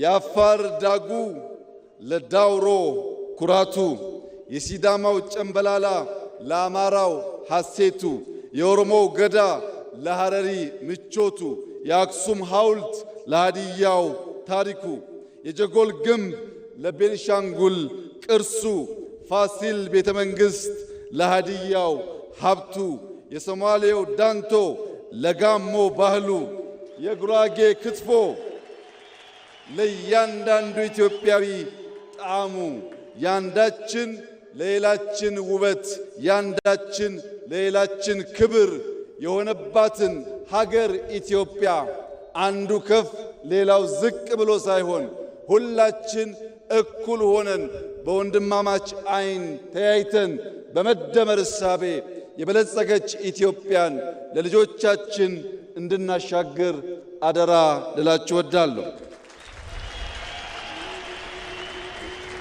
የአፋር ዳጉ ለዳውሮ ኩራቱ፣ የሲዳማው ጨምበላላ ለአማራው ሐሴቱ፣ የኦሮሞው ገዳ ለሐረሪ ምቾቱ፣ የአክሱም ሐውልት ለሃዲያው ታሪኩ፣ የጀጎል ግንብ ለቤንሻንጉል ቅርሱ፣ ፋሲል ቤተ መንግሥት ለሃዲያው ሀብቱ፣ የሶማሌው ዳንቶ ለጋሞ ባህሉ፣ የጉራጌ ክትፎ ለእያንዳንዱ ኢትዮጵያዊ ጣዕሙ፣ ያንዳችን ለሌላችን ውበት፣ ያንዳችን ለሌላችን ክብር የሆነባትን ሀገር ኢትዮጵያ አንዱ ከፍ ሌላው ዝቅ ብሎ ሳይሆን ሁላችን እኩል ሆነን በወንድማማች አይን ተያይተን በመደመር እሳቤ የበለጸገች ኢትዮጵያን ለልጆቻችን እንድናሻግር አደራ ልላችሁ ወዳለሁ።